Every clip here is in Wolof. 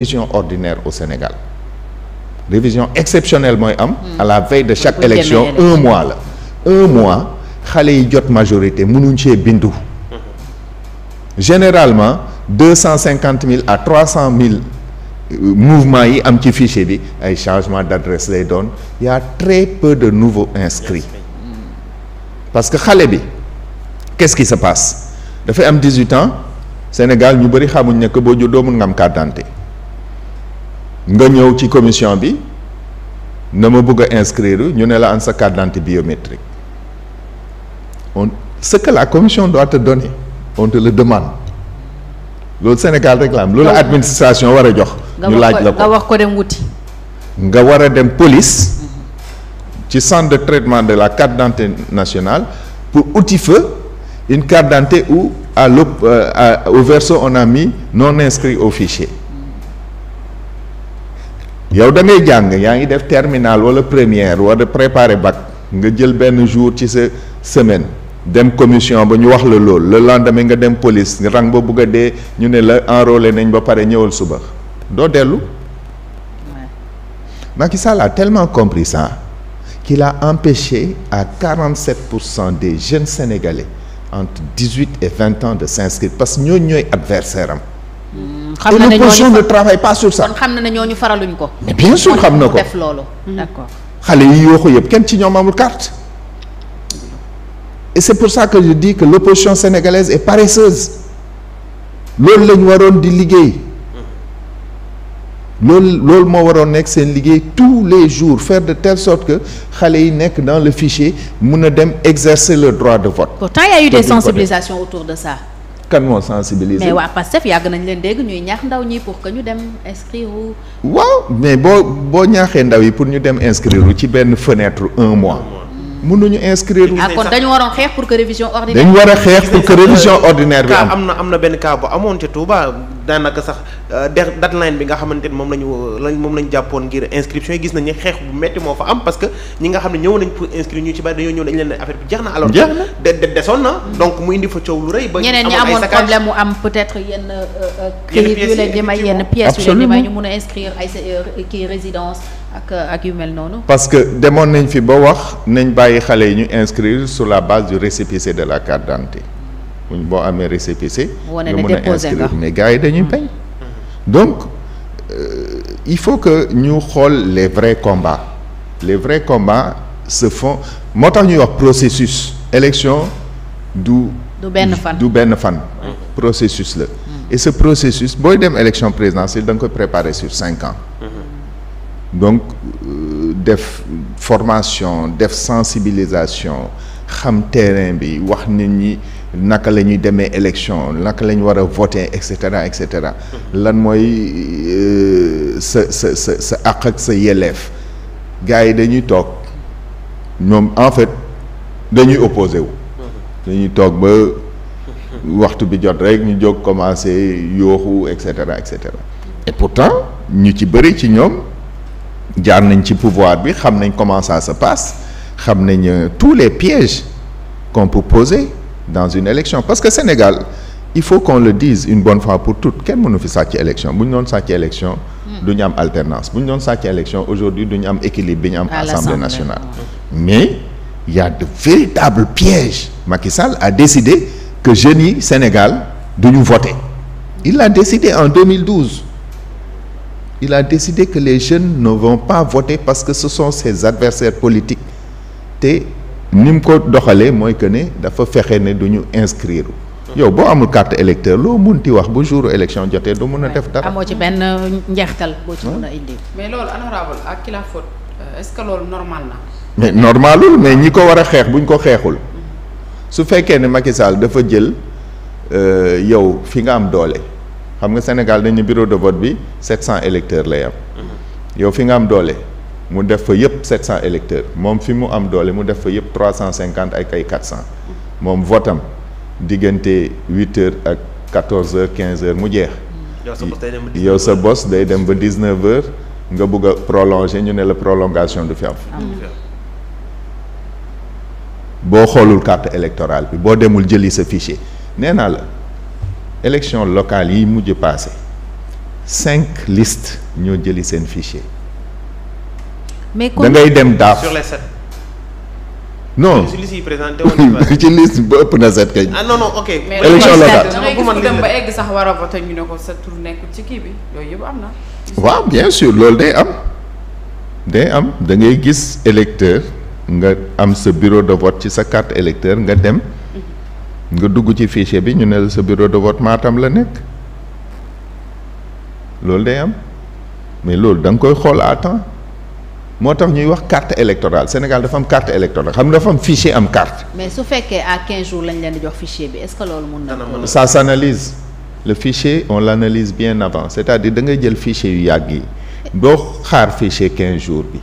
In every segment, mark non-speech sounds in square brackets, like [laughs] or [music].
révision ordinaire au Sénégal révision exceptionnelle mooy am hmm. à la veille de chaque élection un mois la un mois xale yi jot majorité mënuñ cee bindu hmm. généralement deux cent cinquante mille à trois cent mille euh, mouvement yi am ci fichier bi ay changement d'adresse lay doon y a très peu de nouveaux inscrits hmm. parce que xale bi quest ki qui se dafay am dix-huit ans Sénégal ñu bëri xamuñ nekk boo boo juddoo mun nga am carte nga ñëw ci commission bi na ma bëgg a inscrire ñu ne la an sa carte d'identité biométrique on ce la commission doit te donner on te le demande loolu Sénégal réclame loolu administration war a jox. ñu laaj la ko nga wax ko dem wuti. nga war a dem police. Mhm. ci centre de traitement de la carte d'identité nationale pour outil fa une carte d'identité où à l' euh, au verso on a mis non inscrit au yow da jàng yaa ngi def terminal wala première wala préparer bac nga jël benn jour ci sa semaine dem commission ba ñu wax la lool le lendemain nga dem police rang ba bugg a dee ñu ne la enrôlé nañ ba pare ñëwal suba doo dellu. Macky Sall a tellement compris ça qu'il a empêché à 47 pour cent des jeunes sénégalais entre 18 et 20 ans de s'inscrire parce que ñooñu ñooy adversaire am. xam na ne l'opposition ne travaille pas sur ça. kon xam na ne ñooñu faraluñ ko. mais bien sûr xam na ko def loolu. Hmm. d'accord xale yi yooxu yëpp kenn ci ñoom amul carte. et c'est pour ça que je dis que l'opposition sénégalaise est paresseuse loolu la waroon di liggéey hmm. loolu loolu moo waroon nekk seen liggéey tous les jours faire de tell sort que xale yi nekk dans le fichier mun a dem exercer le droit de vote. pourtant il y a eu des autour de ça. kan moo sensibiliser. mais waa Pastef yàgg nañ leen dégg ñuy ñaax ndaw ñi pour que ñu dem inscrire. waaw mais boo boo ñaaxee ndaw yi pour ñu dem inscrire ci benn fenêtre un mois. mënuñu inscrire. ah kon dañu waroon xeex pour que révision ordinaire. dañu war xeex pour que révision euh, bi am. am na am na benn cas bu amoon ca Touba. daanaka sax euh, deadline bi nga xamante ni moom lañu lañ moom lañu jàppoon ngir inscription yi gis nañu xeex bu métti moo fa am parce que ñi nga xam ne ñëw nañ pour inscrire ñu ci bari dañoo ñëw dañ leen ne de desoon na donc mu indi fa coow lu rëy ba ñeneen am peut-être yenn euh, euh, crédit yu leen di may yenn pièces yu ñu mun a inscrire ay kii résidence ak ak yu mel noonu parce que demoon nañ fi ba wax nañ bàyyi xale yi ñu inscrire sur la base du récépissé de la carte d'identité buñ boo amee récépissé nga mën a inscrire mais gars yi dañuy bañ hmm. donc euh, il faut que ñu xool les vrais combats les vrais combats se font moo tax ñuy wax processus élection du benn fan du benn fan processus la hmm. et ce processus booy dem élection présidentielle da nga koy préparer sur cinq ans hmm. donc euh, def formation def sensibilisation xam terrain bi wax nit ñi naka la ñuy demee élection naka la ñu war a voter et cetera et cetera lan mooy euh, sa sa sa sa àq ak sa yeleef gars yi dañuy toog ñoom en fait dañuy opposé wu dañuy toog ba waxtu bi jot rek ñu jóg commencé yooxu et cetera et cetera et pourtant ñu ci bëri ci ñoom jaar nañ ci pouvoir bi xam nañ comment ça se xam nañ euh, tous les pièges qu'on peut poser dans une élection parce que Sénégal il faut qu'on le dise une bonne fois pour toutes kenn mënu fi sàcc élection bu ñu doon sàcc élection hmm. du ñu am alternance bu ñu doon sàcc élection aujourd'hui du ñu am équilibre bi ñu am assemblée nationale mais il y a de véritables pièges Macky Sall a décidé que jeunes yi Sénégal du ñu voter il l'a décidé en 2012 il a décidé que les jeunes ne vont pas voter parce que ce sont ses adversaires politiques te ni mu ko doxalee mooy que ne dafa fexe ne du ñu inscrire. yow boo amul carte électeur loo ti wax bu jour élection jotee du mun a def dara. amoo ci benn njeextal boo ci mun a indi. mais loolu euh, normal na. mais ñi ko war a xeex buñ ko xeexul su fekkee ne Macky dafa jël euh, yow fi nga am doole xam nga Sénégal dañu bureau de vote bi 700 électeurs lay am. Mm-hmm. yow fi nga am doole. mu def fa yëpp 700 électeurs moom fi mu am doole mu def fa yëpp 350 ay ay 400 moom votam diggante 8 heures ak 14 quinze 15 heures mu jeex. yow sa bos day dem ba 19 heures nga bugg a prolonger ñu ne la prolongation du fi am. boo xoolul carte électorale bi boo demul jëli sa fichier nee naa la élection locale yi mujj passé cinq listes ñoo jëli seen fichier. mais da ngay dem daaf sur les sept non ci [laughs] liste ba ëpp na set kañ. ah non sax war a voté ñu ne ci kii bi yooyu yëpp am na. waaw bien sûr loolu day am day am da gis électeur nga am sa bureau de vote ci sa carte électeur nga dem nga dugg ci fichier bi ñu ne la sa bureau de vote Matam la nekk loolu day mais loolu da nga koy xool à temps moo tax ñuy wax carte électorale Sénégal dafa am carte électorale xam nga dafa am fichier am carte. mais su fekkee à 15 jours lañ leen di jox fichier bi est-ce que loolu mun na. ça s'analyse le fichier on l'analyse bien avant c'est-à-dire da ngay jël fichier yu yàgg yi doo xaar fichier 15 jours bi.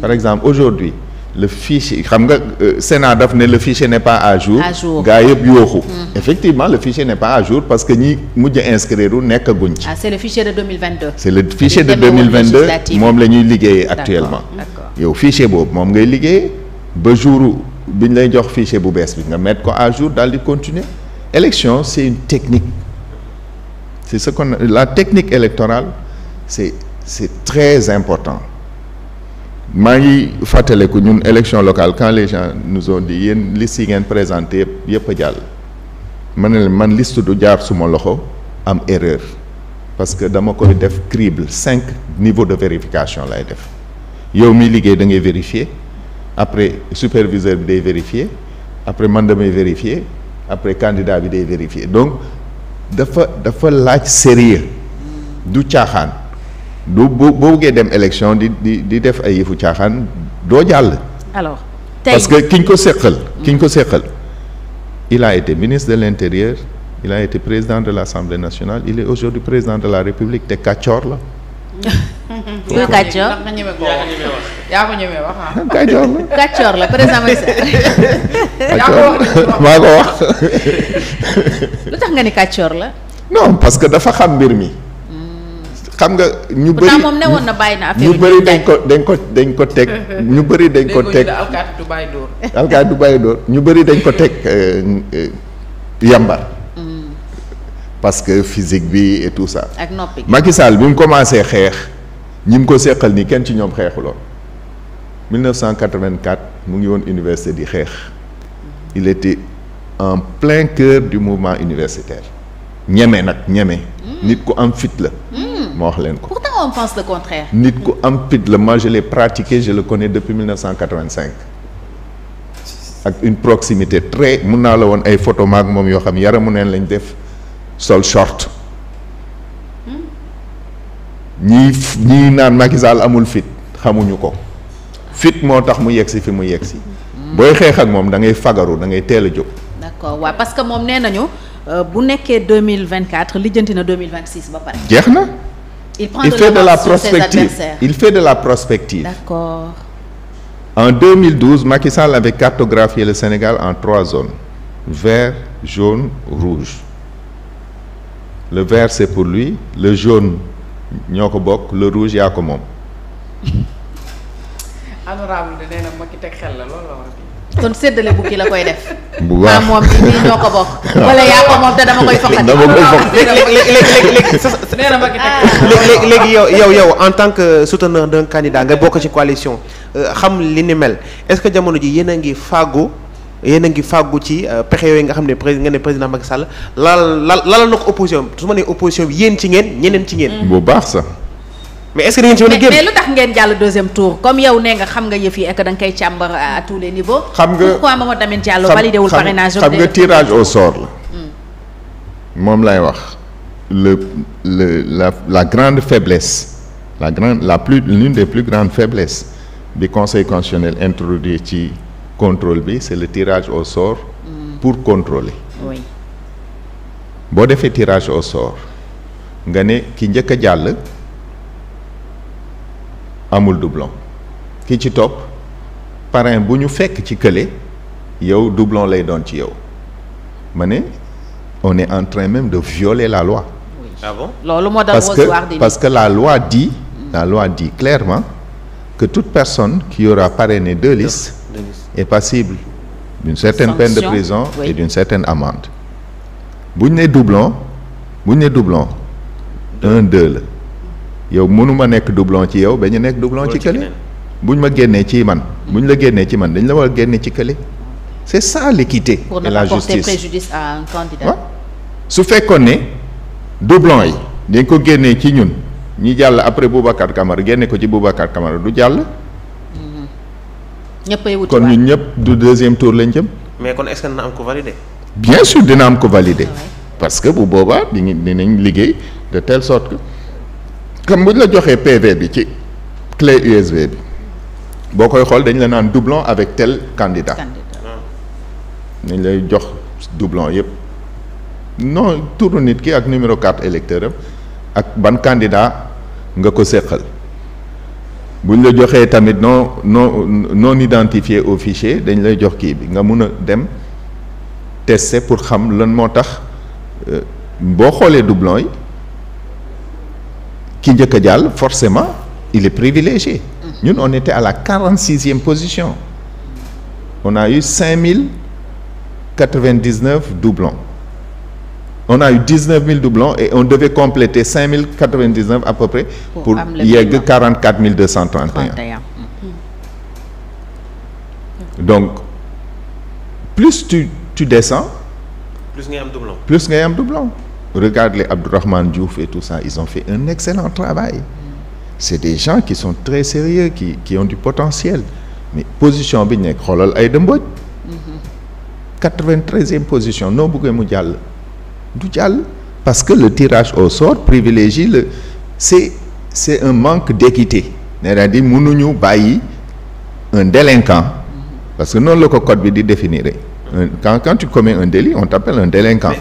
par exemple aujourd'hui le fichier xam nga euh, Sénat daf ne le fichier n'est pas à jour. à jour gaa yëpp yooxu hmm. effectivement le fichier n'est pas à jour parce que ñi mujj a nekk nekkaguñ ci. ah c'est le fichier de 2022. c'est le fichier moom la ñuy liggéeyee actuellement. d'accord yow fichier boobu moom ngay liggéey ba jour bi ñu lay jox fichier bu bees bi nga mettre ko à jour daal di continuer. élection c'est une technique c'est ce qu'on la technique électorale c'est c'est très important. maa ngi fàttaliku ñun élection locale quand les gens nous ont dit yéen liste yi ngeen présenté yëpp yëpp a jàll ma man liste du jaar suma loxo am erreur parce que dama koy def crible cinq niveau de vérification lay def yow mi liggéey da ngay vérifier après superviseur bi day vérifier après man damay vérifier après candidat bi day vérifier donc dafa dafa laaj sérieux du caaxaan du bu boo buggee dem élection di di di def ay yëfu caaxaan doo jàll. alors parce que kiñ ko seqal. ki ko seqal il a été ministre de l'intérieur il a été président de l'Assemblée nationale il est aujourd'hui président de la République te kàccoor la. [laughs] kooku kàccoor yaa ko ñemee wax yaa ko ñemee ah. [laughs] la kàccoor la [laughs] maa ko wax. lu tax nga ni kàccoor la. non parce que dafa xam mbir mi. xam nga ñu bëri ñu bëri dañ ko dañ ko dañ ko teg. ñu bëri dañ ko teg alkaati du bàyyi dóor. ñu bëri dañ ko teg euh, euh, yambar. Mm. parce que physique bi et tout ça. ak noppi Macky Sall bi mu commencé xeex ñi mu ko seqal ni kenn ci ñoom xeexuloon 1984 mu ngi woon université di xeex. Mm-hmm. il était en plein cœur du mouvement universitaire ñeme nag ñeme. Mm. nit ku am fit la. Mm. ma wax leen ko. pourtant on pense nit ku am pit la moi je l'ai pratiqué je le connais depuis 1985. ak une proximité très mun naa la woon ay photo maag moom yoo xam yaramu neen lañ def sol short. ñii hmm? ñii naan Macky Sall amul fit xamuñu ko fit moo tax mu yegg si fi mu yegg si. Hmm. booy xeex ak moom da ngay fagaru dangay ngay teel a jóg. d'accord waaw parce que moom nee nañu euh, bu nekkee deux mille vingt quatre lijjanti na deux mille vingt six ba pare. jeex na. Il prend de fait de la prospective. Il fait de la prospective. D'accord. En 2012, Macky Sall avait cartographié le Sénégal en trois zones. Vert, jaune, rouge. Le vert, c'est pour lui. Le jaune, ñoo ko bokk. Le rouge, yaa ko moom. [laughs] kon séddale bukki la koy def. bu baax maam moom bii ñoo ko bokk. [laughs] wala yaa ko moom te dama koy foqati. dama koy foqati léegi léegi léegi yow yow yow en tant que souteneur d'un candidat nga bokk ci coalition euh, xam li ni mel est-ce que jamono ji yéen a ngi fàggu yéen a ngi fàggu ci euh, pexe yooyu nga xam ne président nga ne président Macky Sall lal lal lal na ko opposition su ma nee opposition bi yéen ci ngeen ñeneen ci ngeen. bu baax sax. mais est-ce que ngeen ci mën a génn mais lu tax ngeen jàll deuxième tour comme yow nee nga xam nga yëf yi ak da nga koy càmbar à tous les niveaux. xam nga pourquoi Mamadou Lamine xam nga tirage au sort la. Hmm. moom lay wax la la grande faiblesse la grande la plus l'une des plus grandes faiblesses bi conseil constitutionnel introduit ci contrôle bi c'est le tirage au sort. Hmm. pour contrôler. oui boo defee tirage au sort nga ne ki njëkk jàll. amul doublon ki ci topp parrain bu ñu fekk ci kële yow doublon lay doon ci yow ma ne on est en train même de violer la loi. Oui. Ah parce que parce que la loi di la loi di clairement que toute personne qui aura parrainé deux listes. Deux listes. est passible d'une certaine Sanction, de prison oui. et d'une certaine amende bu ñu nee doublon bu ñu nee doublon un deux la. yow mënuma nekk doublon ci yow ba ñu nekk doublon ci kële buñ ma génnee ci man bu ñu la génnee ci man dañ la war a génne ci kële c'est ça l'équité et la justice pour ne pas porter à un candidat su fekkoon ne doublon yi dañ ko génnee ci ñun ñi jàll après Boubacar Camara génne ko ci Boubacar Camara du jàll mm-hmm. ñëppay wut kon ñun ñëpp du deuxième tour lañ jëm mais kon est-ce am ko validé bien sûr dina am ko validé ah parce que bu boobaa di dinañ liggéey de telle sorte que comme bu la joxee PV bi ci clé USB bi boo koy xool dañ la naan doublon avec tel candidat dañ lay jox doublon yëpp non turu nit ki ak numéro carte électeur am ak ban candidat nga ko séqal buñ la joxee tamit non non non identifié au fichier dañ lay jox kii bi nga mun a dem tester pour xam lan moo tax euh, boo xoolee doublon yi ki njëkk a jàll forcément il est privilégié ñun on était à la quarante sixième position on a eu cinq mille quatre vingt dix neuf doublons on a eu dix neuf et on devait compléter cinq mille quatre vingt dix neuf à peu près pour yegg quarante quatre mille deux cent trente donc plus tu tu descends plus ngay am doublon plus ngay am doublon Regarde les Abdourahmane Diouf et tout ça, ils ont fait un excellent travail. C'est des gens qui sont très sérieux, qui, qui ont du potentiel. Mais position bi ñu nekk xoolal ay Mbodj. 93e position noo bëggee mu jàll. du jàll parce que le tirage au sort privilégie le c'est c'est un manque d'équité. c'est-à-dire mënuñu bàyyi un délinquant. parce que noonu la ko code bi di définir. quand quand tu commets un délit on t'appelle un délinquant.